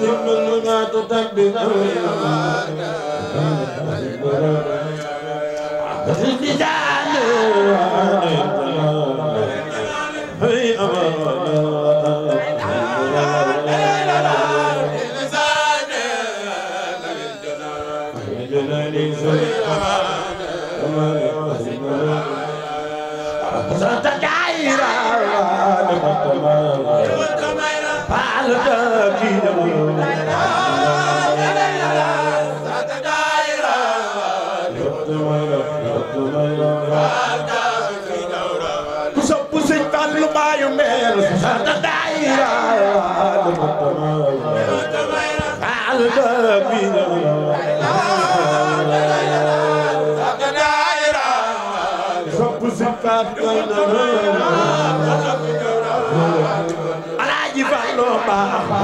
يمنع تتكبر بدان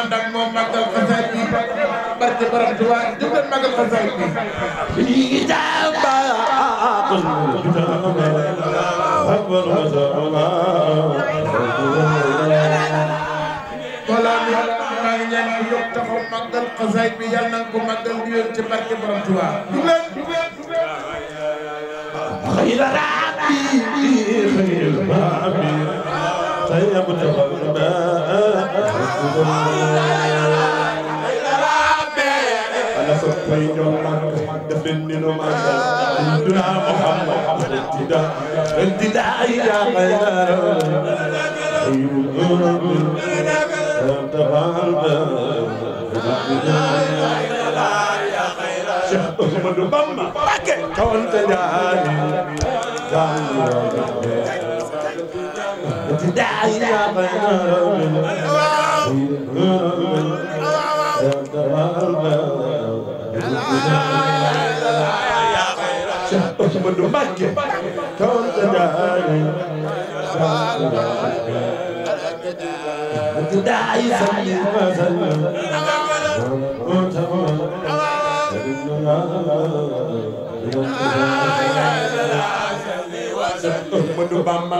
ànd ak moom màggal xasaay bi barke borom Tuuba jóg leen màggal xasaay bi wala mi maa ngi ñaan ñu yokk taxaw màggal xasaay bi yàlla na ko màggal di wér ci barke borom Tuuba jóg leen طيب الغرباء أنا صفي يومك دفني نمك سيدنا محمد ابتداء ابتداء يا غير خير الغرب شيخ أحمد بامبا كنت جاهل لا Cheikh Ahmadou Bamba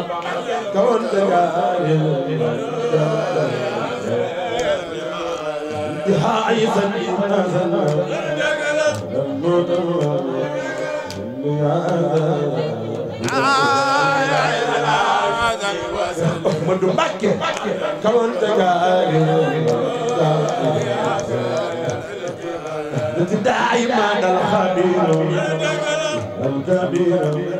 kawoon te gaaril انتهاء سني نزل لم تروى أحمد مكة كون تجاري دائما الخبير الكبير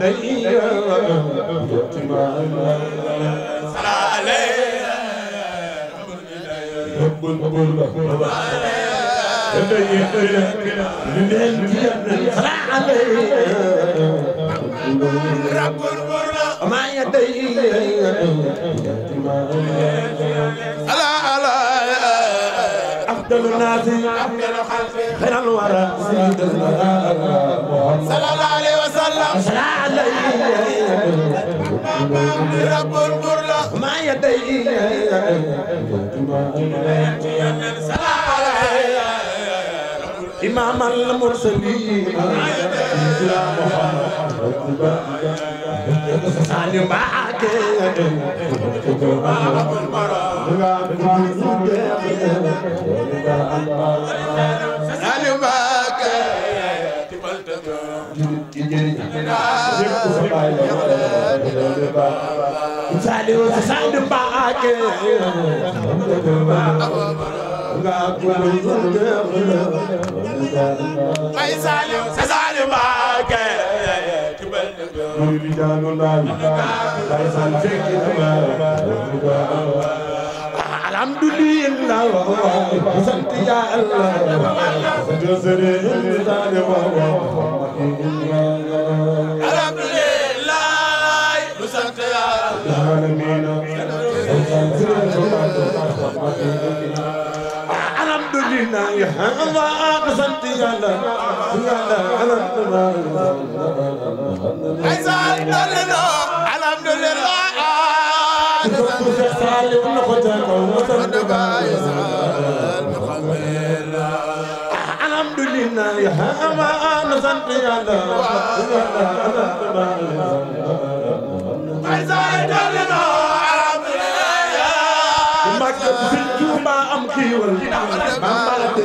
دنيا يتبع صلى عليه رب القلب رب ما يدي على على أفضل الناس خير الورى سيد الورى صلى الله عليه وسلم صلى عليه رب الغرلة ما يدي إمام المرسلين يا محمد سالي معك باب المرأة Saliou Sall Mbacké ay Saliou Sall Mbacké murid jangol dal ay Sall fekki alhamdulillah sant ya Allah ناي الله قسمت يا الله يا الله عايز علمنا الحمد لله كنت شيخ سالم نخوتك ومسند بايز الحمد لله يا ما قسمت يا الله يا الله عايز علمنا الحمد لله مكتب في الجمعة أمكي والله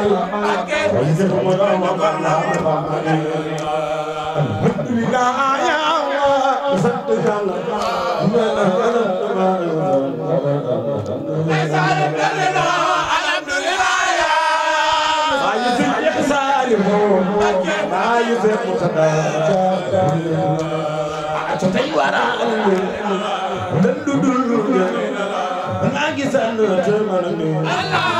الله ويزه مدام الله الحمد لله يا الله صدق الله ما أنا الحمد لله يا ما يزيد يحساره ما يزيد متدار tey waral dënd dund maa ngi sànn te mën a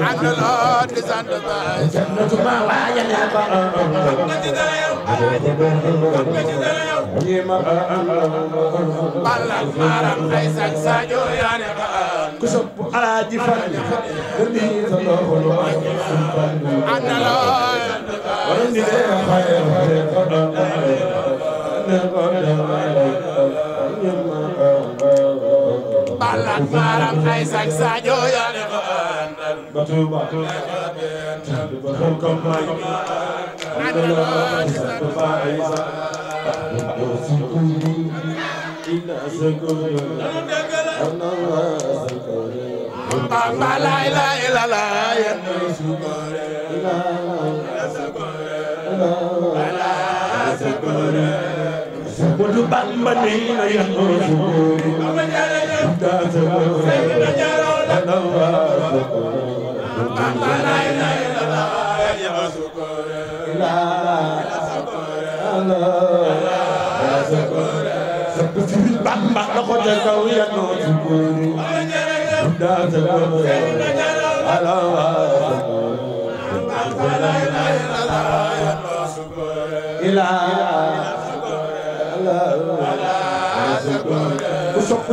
عبد الله ديزان دباي جنة ما واجن بلال مارم خيسك ساجو يعني كسب على جفن نبي الله الواحد عبد الله ورندي خير خير بلال مارم خيسك ساجو يعني بطوبة بطوبة كمباي الحمد لله سبحان عيسى إن سكون أن الله سكون بابا لا إله إلا الله يا سكون لا سكون لا سكون Budu bamba ni na ya Bamba jara ya Bamba jara ya Bamba jara ya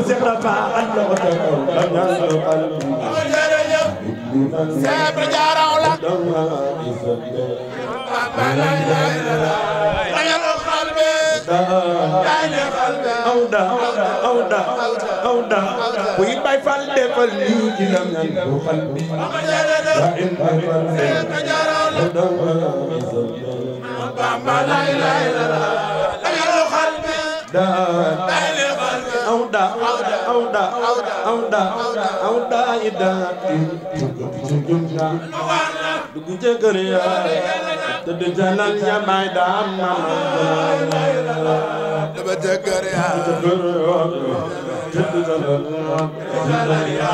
Sukura pa Allah wa ta'ala Allah wa ta'ala Seex Ibra jaaraw la dañal o xalbe dañe xalbe awda awda awda bu yi bay fal defal ni dinam ni bu xalbi Seex Ibra jaaraw la Bamba la ilaha illallah dañal o xalbe awda awda awda awda ida dugg ca kër ya tëdd ca lal ya may daam mama dama ca kër ya tëdd ca lal ya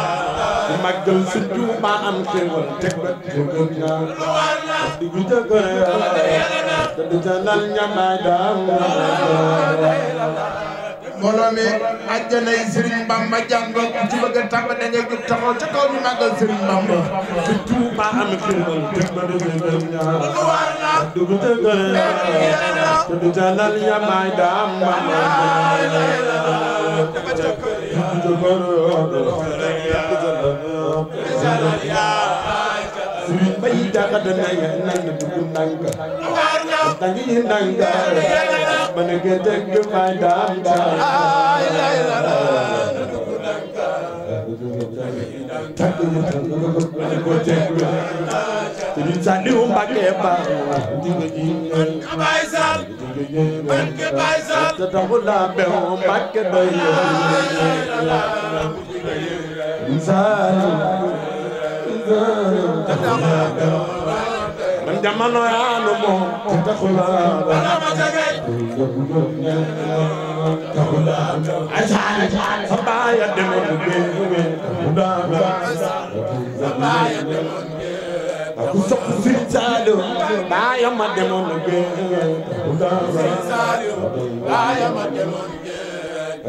màggal si tuuba am xéwal teg ba dugg ca dugg ca kër ya tëdd ca lal ya may daam mama mbooloo mi àjjana yi Serigne Bamba ku ci bëgg a tàmba da ngay jóg taxaw ca kaw ñu màggal Serigne Bamba te tout ba am firndal war na dugg te gën a te du talal ya may daam Bamba Serigne Baye jàng dangi nangare mana gedek gemai damca Jadi sani umbak eba, kebaisal, kebaisal, tetap ulambe umbak kebayo. Insan, insan, tetap ulambe umbak jamono yaanu moom te taxulaa ba ay saale saale sa baaya demoon géej mu daan sa baaya demoon géej ku sopp si saale baaya ma demoon géej mu daan sa baaya ma demoon géej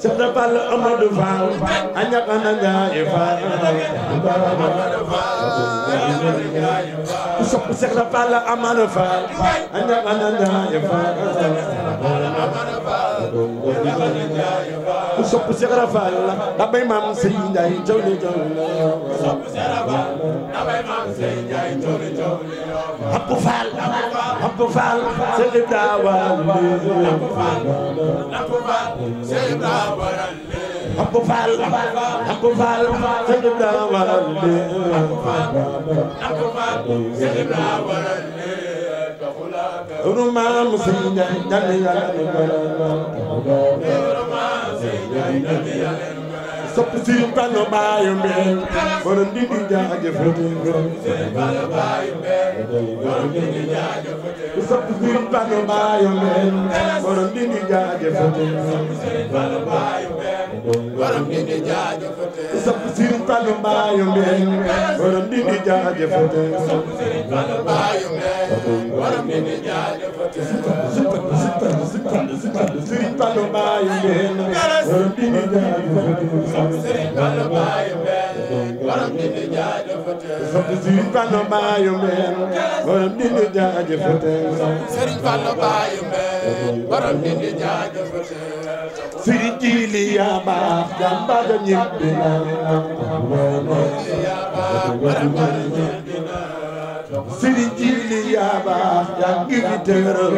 Seydou Fall Amadou Fall a ñakana Ndiaye Fall Amadou Fall sopp Seydou Fall Amadou Fall a ñakana Ndiaye Fall sopp Cheikh Rafal la damay maam Serigne Ndiaye coow li coow li sopp Cheikh Rafal damay maam Serigne Ndiaye coow li coow li Abdou Fall Abdou Fall Cheikh Ibra Walé Abdou Fall Abdou Fall Cheikh Ibra Walé Abdou Fall Abdou Fall Cheikh Ibra Walé Abdou Fall Abdou Fall Cheikh Ibra Walé Ru maam Serigne Ndiaye sopp Serigne Fallou baayu mbéy borom borom di di jaajëf sopp Serigne Fallou baayu mbéy borom borom di di jaajëf Fallu Serigne Fallu baayu benn borom bi ni jaajëfate Serigne Fallu baayu benn borom bi ni jaajëfate Serigne Fallu baayu benn borom bi ni jaajëfate Serigne Fallu baayu benn borom bi ni jaajëfate Serigne Jili yaa baax jàmbaar ga ñëpp dina Serigne Jili yaaba yaa ngi fi dëgëral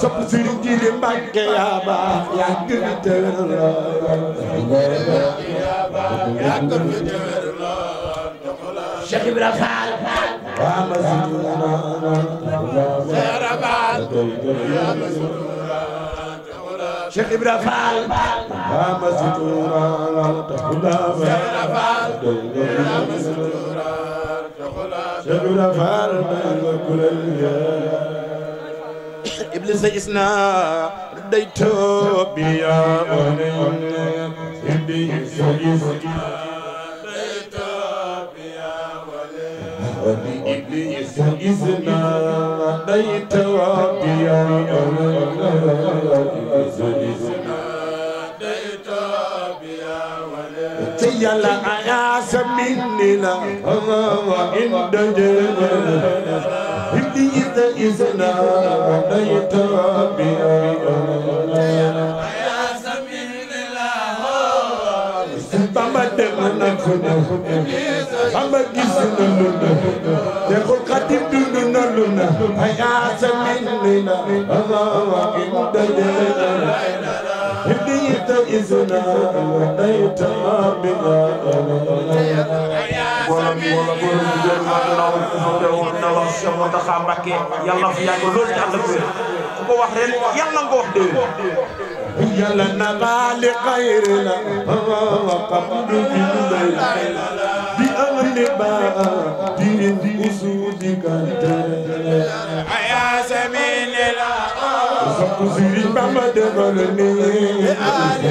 sopp Sëriñ Jili Mbàkke yaaba yaa ngi fi dëgëral Cheikh Ibra Fall waa ma Cheikh Ibra Fall dama sutura taxula Fall dama sutura taxula Cheikh Ibra Fall dama kulal ya iblis isna dayto biya onne iblis isna dayto biya wale iblis isna ناديت وابيا يا لا يا سميني لا وإن دجل هدي إذا إذنا ناديت وابيا يا سميني لا بابا دمنا كنا بابا جسنا لنا أتبدل نلنا هيا سميننا الله إمددنا هديت إذنا وديت بنا wala wala borom bi jël ma naaw mu teewoon na wax Cheikh Mountakha Mbacké yàlla na fi yàgg loolu te ànd ak wér ku ko wax ren yàlla na nga ko wax déwén yàlla na baali xayrina wa qamdu bi بأمر بعدي أسودك يا سمين لا سقزي بما دغلني بآل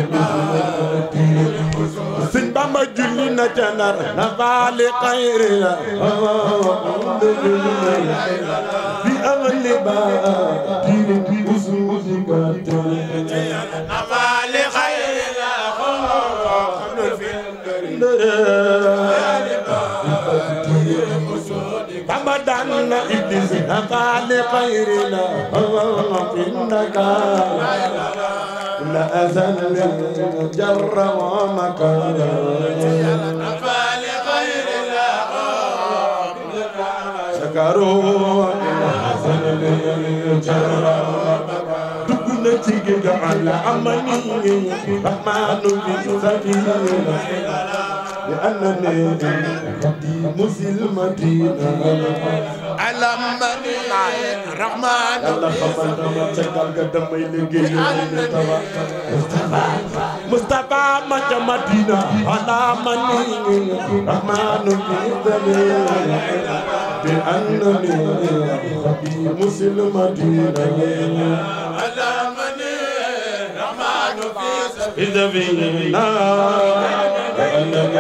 سن بما جلي نتنر نفعل خير بأمر بعدي أسودك نفعل خير لا خوف في الدرب لقد خيرنا إنك لأزل جر ومكر شكروا لأزل جر ومكر تجد على أمني رحمن بن سبيل لأنني قديم في المدينة على من الرحمن الله خبر تقال قدمي لقي مصطفى مصطفى ما مدينة على من الرحمن بأنني قديم في المدينة على من الرحمن في سبيل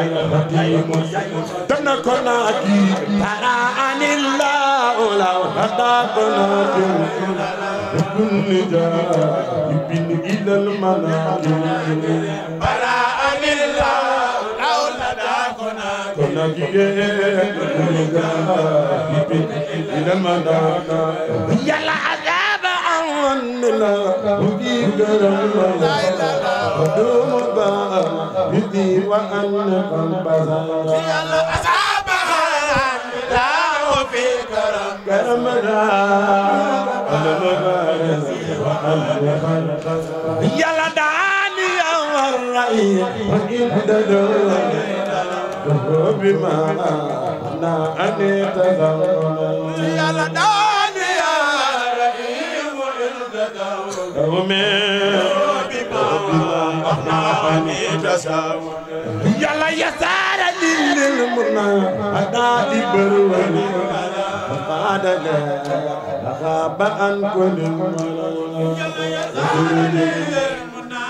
القديم تنكنا كي ترى عن الله لو هداكنا كل جاء ابن إلى المناكب ترى عن الله لو هداكنا كل جاء ابن إلى المناكب ni la bu kii gërëm ma la ba doomu ba bi di wa an na kan basara yàlla asabaha la wa fi karam karamana ana ma baara wa an na kan basara yàlla daani ya warai wa in dadawani بما أنا أني تذكرني يا لدار يلا يا سارة للمنى أدادي بروني فقاد لا أخاب عن كل المنى يلا يا سارة للمنى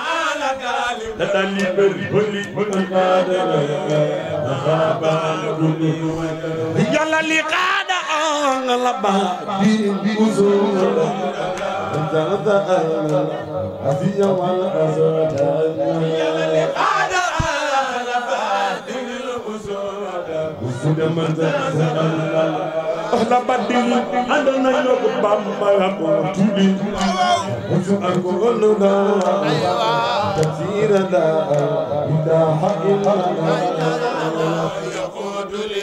لدالي بروني فقاد لا أخاب عن كل المنى يلا لقاد لبى بوزورا انت عزيا والازواجا أهلا بدل أنا نيوك بامبا يكون تولي وشو أقول لا تسير لا إذا حق الله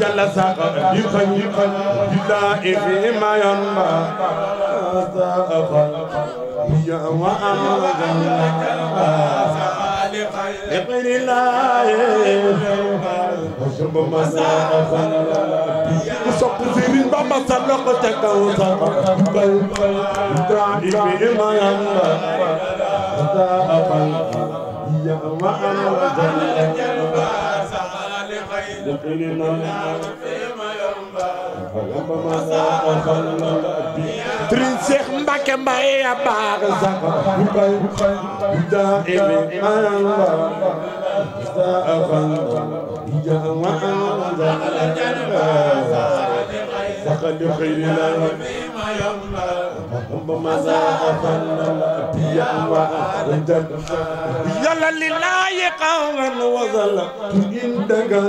جل ساق يقن يقن بدائه ما ينبع ساق هي وأمر لقل الله وشب مساق وشب سيرين بما سلق تكو ساق بدائه ما ينبع ساق هي وأمر لكل نار Serigne Cheikh Mbacké Mbaye ya baax sax bu bay da ebe manamba sta afan ya wa anda la janna وفق لخيرنا ومزاق الأبياء وأنجب يلا لله قوما وظل عندك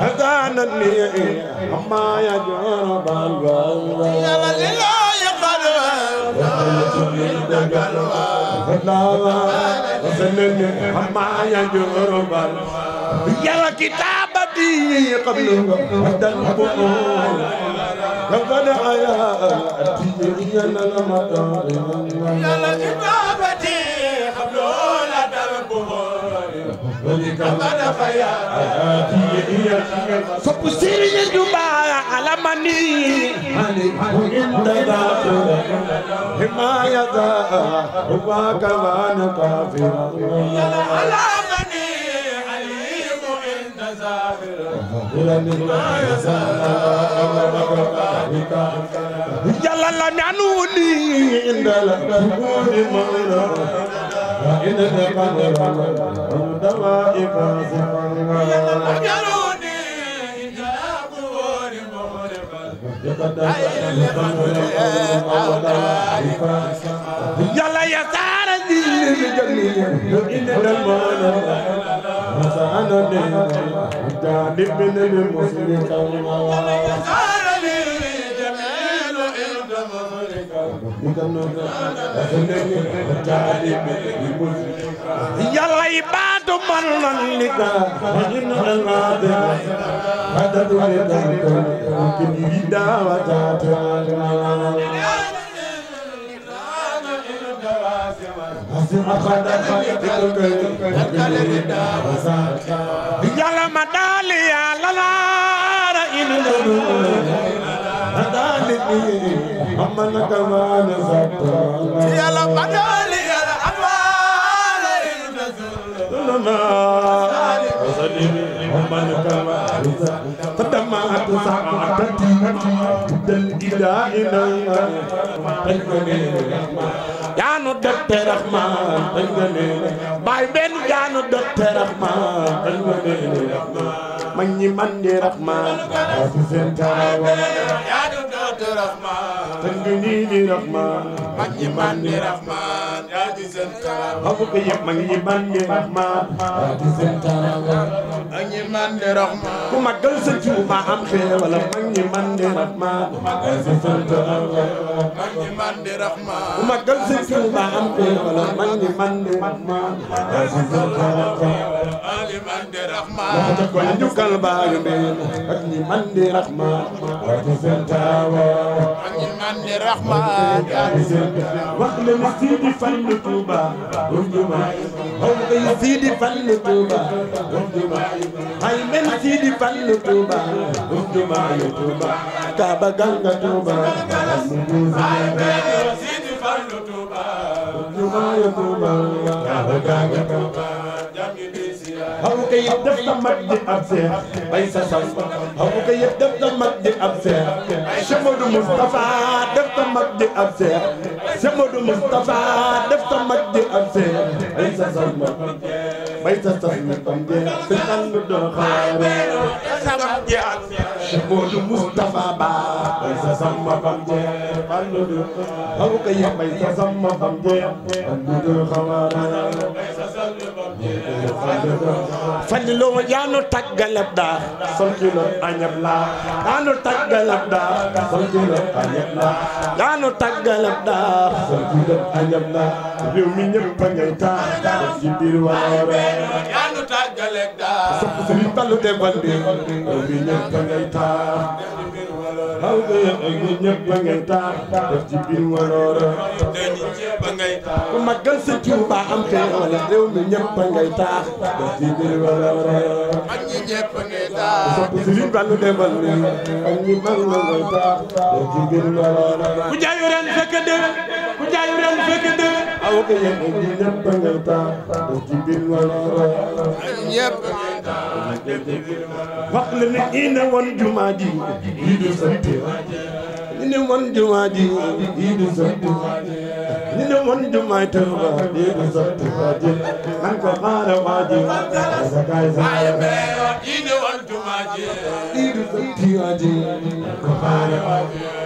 هدانا النيئي عما يجعل بالبال يلا لله قدما عندك الوال وسلم عما يجعل بالبال يلا كتاب ولي قبله وحدا القبور لقد آياتي إيا للمطاعم يا لكتابتي قبله لدى القبور لقد آياتي إيا فبصير يدبا على مني وإن تداخل حماية هو كمان كافر على مني عليم إن تزافر يلا لا نعنوني إن لا تكون مغنى وإن تقدر عند وائك يلا لا نعنوني إن لا تكون مغنى يلا يا تارة دي لجميع إن المغنى حسن بن حجان بن المسلم قوما يلا عباد من لك فإن الماضي عدد ولدك يمكن يدا وتعتمد yàlla ma daal yàlla laara inu ma daal ni amma na kama na zatta yàlla ma daal yàlla amma la inu na amma na kama na zatta fadama atu sa'atati dal ilahina takkuni rahman jaanu docteur Rahman bañ nga nee baay benn jaanu docteur Rahman bañ nga nee man ñi man di Rahman si seen tarawa rahman tan nga ñii di rahman mag ñi man di rahman yaa di seen karaama xamu ko yëpp mag ñi man di rahman yaa di seen karaama mag ñi man di rahman ku magal sa tuuba am xéewal mag ñi man di rahman yaa di seen karaama mag ñi man di rahman ku magal sa tuuba am xéewal mag ñi man di rahman yaa di seen karaama mag ñi man di rahman waxta ko njukkal baayu meen mag ñi man di rahman yaa di seen karaama من الرحمن وقل مسيد فن توبا وقل مسيد فن توبا هاي من سيد فن توبا كابا غانغا توبا هاي من سيد فن توبا كابا غانغا توبا xamu ko yëpp def sa mag di ab seex bay sa sas xamu ko yëpp def sa di ab seex Cheikh Modou Moustapha def sa di ab seex Cheikh Modou Moustapha def sa mag di ab seex bay sa sas bay sa sas Modou Moustapha Ba bay sa samba bam jeex ban dudu xaw ko yëg bay sa samba bam jeex ban dudu xawaana fadi lo yaanu taggalab da solkilo añab la yaanu taggalab da solkilo añab la yaanu taggalab da solkilo añab la réew mi ñëpp ngay taa ci biir waare yaanu taggalab galeeg daa sopp sëriñ Fallu te bandi bi ñëpp a ngay taax aw bi ñëpp a ngay taax def ci biir waroora ku màggal sa Tuuba am xéewal réew mi ñëpp a ngay taax def ci biir waroora mag ñi ñëpp a ngay taax sopp sëriñ Fallu te bandi ak ñi mag la ngay taax def ci biir waroora ku jaayu ren fekk déwén ku jaayu ren fekk aw ka yéen a ji ñëpp nga taa def ci biir wala wala. ñëpp wax la ne ii ne woon jumaa ji lii du sant. ñu ne woon jumaa ji lii du sant. ñu ne woon jumaa Tuuba lii du sant waaje. man ko maara waaje. sa kaay sa kaay. lii du sant waaje. man ko maara waaje.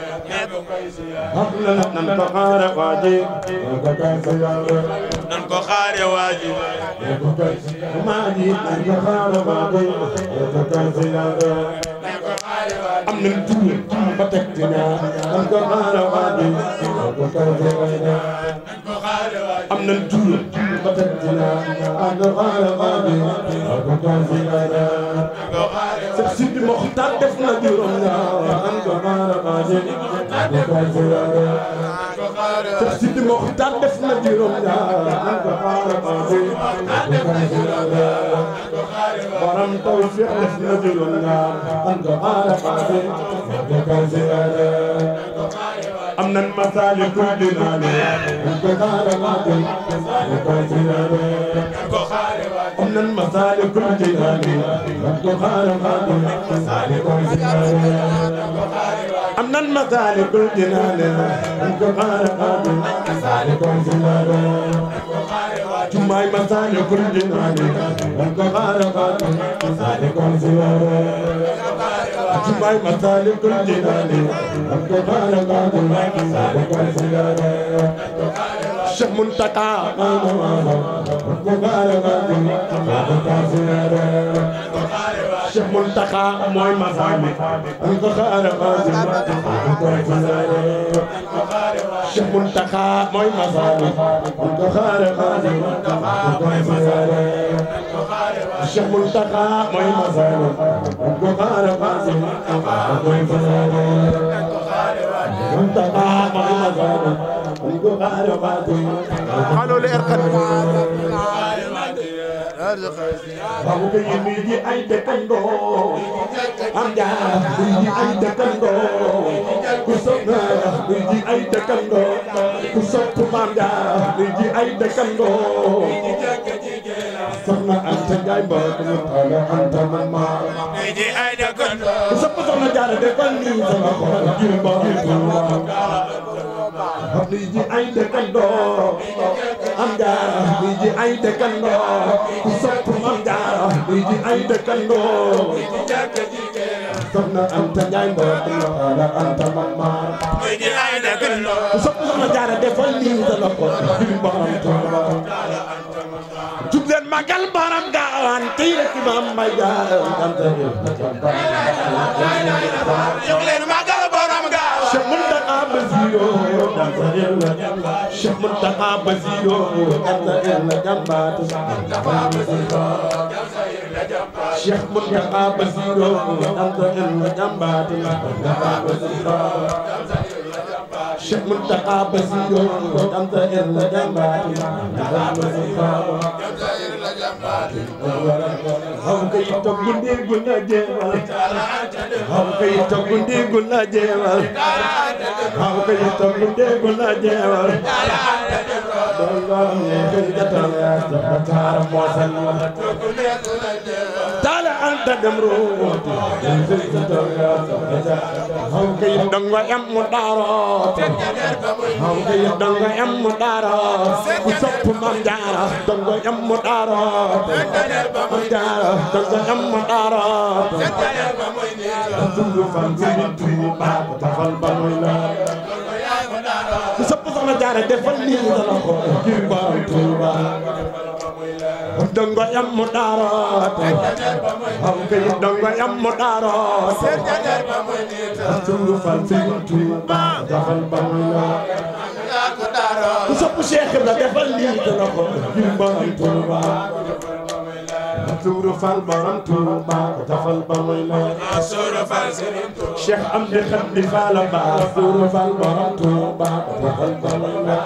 nan ko xaare waaji nan ko xaare waaji maaji nan ko xaare waaji am nañ tuur ba teg ci naa nan ko xaare waaji am nañ tuur ba teg ci naa nan ko xaare waaji Sidi Mokhtar def na juróom ñaar nan ko xaare waaji Seex Sidi Moxtaar def na juróom ñaar borom tawfiix def na juróom ñaar am nan masaali kuy dinaane am nan masaali kuy dinaane nan مسالك الجنان أنت خارق من مسالك الجنان جمعي مسالك الجنان أنت خارق من مسالك الجنان جمعي مسالك الجنان أنت خارق من مسالك الجنان شيخ منتقى أنت خارق من مسالك الجنان Cheikh Mountakha mooy mazaami an ko xaare xaasim an ko xaare Cheikh Mountakha mooy mazaami an ko xaare xaasim an ko xaare Cheikh Mountakha mooy mazaami an ko xaare xaasim an ko xaare Mountakha mooy mazaami an ko xaare xaasim babu ko yimi di ay dëkkandoo am jaar buy di ay dëkkandoo ku sopp buy di ay dëkkandoo ku sopp maam jaar buy di ay dëkkandoo soxna Anta Njaay mbokk mu tala Anta man maa buy di ay dëkkandoo ku sopp soxna jaar de kon nii sama xol jimba jimba niji ay dëkkandoo am jaara niji ay dëkkandoo ku sopp am jaara niji ay dëkkandoo soxna Anta Njaay mbokk la Anta mama niji ay dëkkandoo ku sopp soxna jaara defal nii sa loxo jublu borom Tuuba jub leen magal borom gaawaan tey rek imam mbay jaara Basiru dansarin la jàmbaar Cheikh Muntaxa Basiru dansarin la jàmbaar Cheikh Muntaxa Basiru dansarin la jàmbaar Cheikh Mountakha Bassirou Anta irla jambaati haw kay toggu ndiggu na jeewal haw kay toggu ndiggu na jeewal haw kay toggu ndiggu na jeewal dollo ne kay jatal ya jabatar mosan wa tadam rooti hanke yiddongo em mo ɗaro hanke yiddongo em mo ɗaro ko soppu mam jara dongo em mo ɗaro mo jara dongo em mo ɗaro dundu fan sini tumu baba tafal banoyna ko soppu sama jara defal ni dana ko kirba tuba dongo yam mu daaroote aw kay dongo yam mu daaroote sunu fal sëriñ Tuuba defal ba mu yaa ko daaroote ku sopp Cheikh Ibra defal lii dana ko jim borom Tuuba Suru fal borom Tuuba defal ba muy la suru fal sëriñ Tuuba Cheikh am di xam di fala ba suru fal borom Tuuba defal ba muy la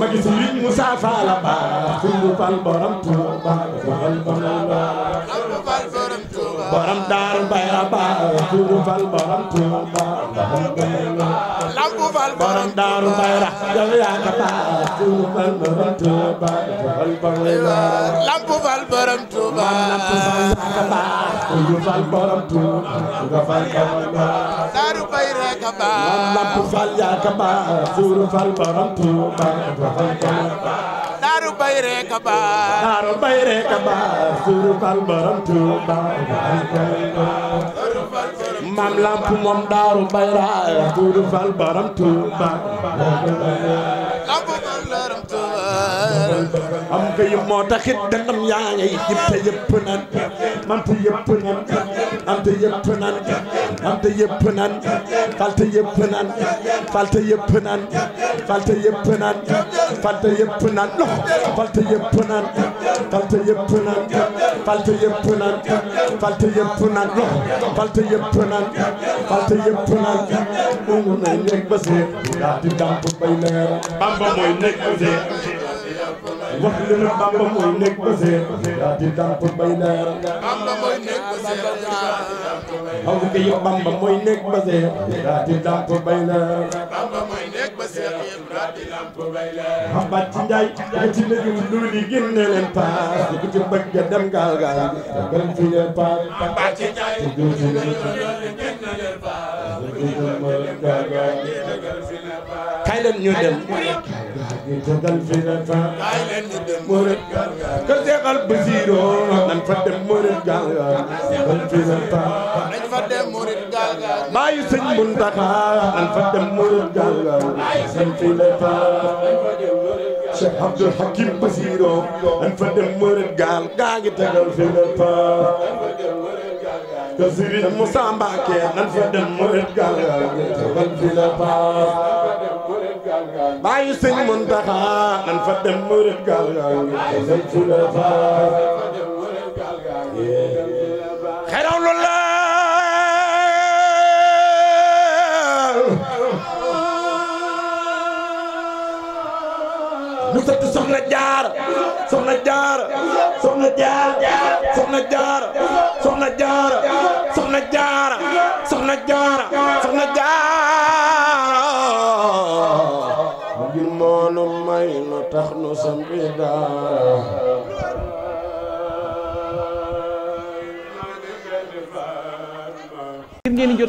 ma gis li Moussa Fall ba xullu fal borom Touba fal borom ba xullu fal borom Touba borom Daaru Mbay ba xullu fal borom Touba lambu fal borom Daaru Mbay ra yow yaa ka ba xullu fal borom Touba fal borom ba lambu fal borom Touba lambu fal yaa ka ba xullu fal borom Touba fal borom ba ka baax maam yaa ka baax Fuur Fall borom Tuuba Daaru Bayre ka baax Daaru Bayre ka baax Fuur Fall borom Tuuba maam moom Daaru Bayre am nga yëpp moo taxit dangam yaa ngay yëpp te yëpp naan man te yëpp naan am te yëpp naan am te yëpp naan fal te yëpp naan fal te yëpp naan fal te yëpp naan fal te yëpp naan loxo fal te yëpp naan fal te yëpp naan fal te yëpp naan fal te yëpp naan loxo fal te yëpp naan fal te yëpp naan ungu na nekk ba see daa di damp bay leera bamba mooy nekk see wax li na Bamba mooy nekk ba seer daa di daan bay leer Bamba mooy nekk ba seer aw nga yëpp Bamba mooy nekk ba seer daa di daan pour bay leer Bamba mooy nekk ba daa di daan bay leer xambaat ci njaay nga ci nekk lu li leen paas ku ci bëgg ja dem ñu dem kër Seexal Basiiru fa dem murit gaal gaal baayu sëñ Muntaxa nan fa dem murit gaal gaal fa dem murit gaal gaa ngi te Serigne bàyyi sëñ Muntaxa nan fa dem murit gaal gaal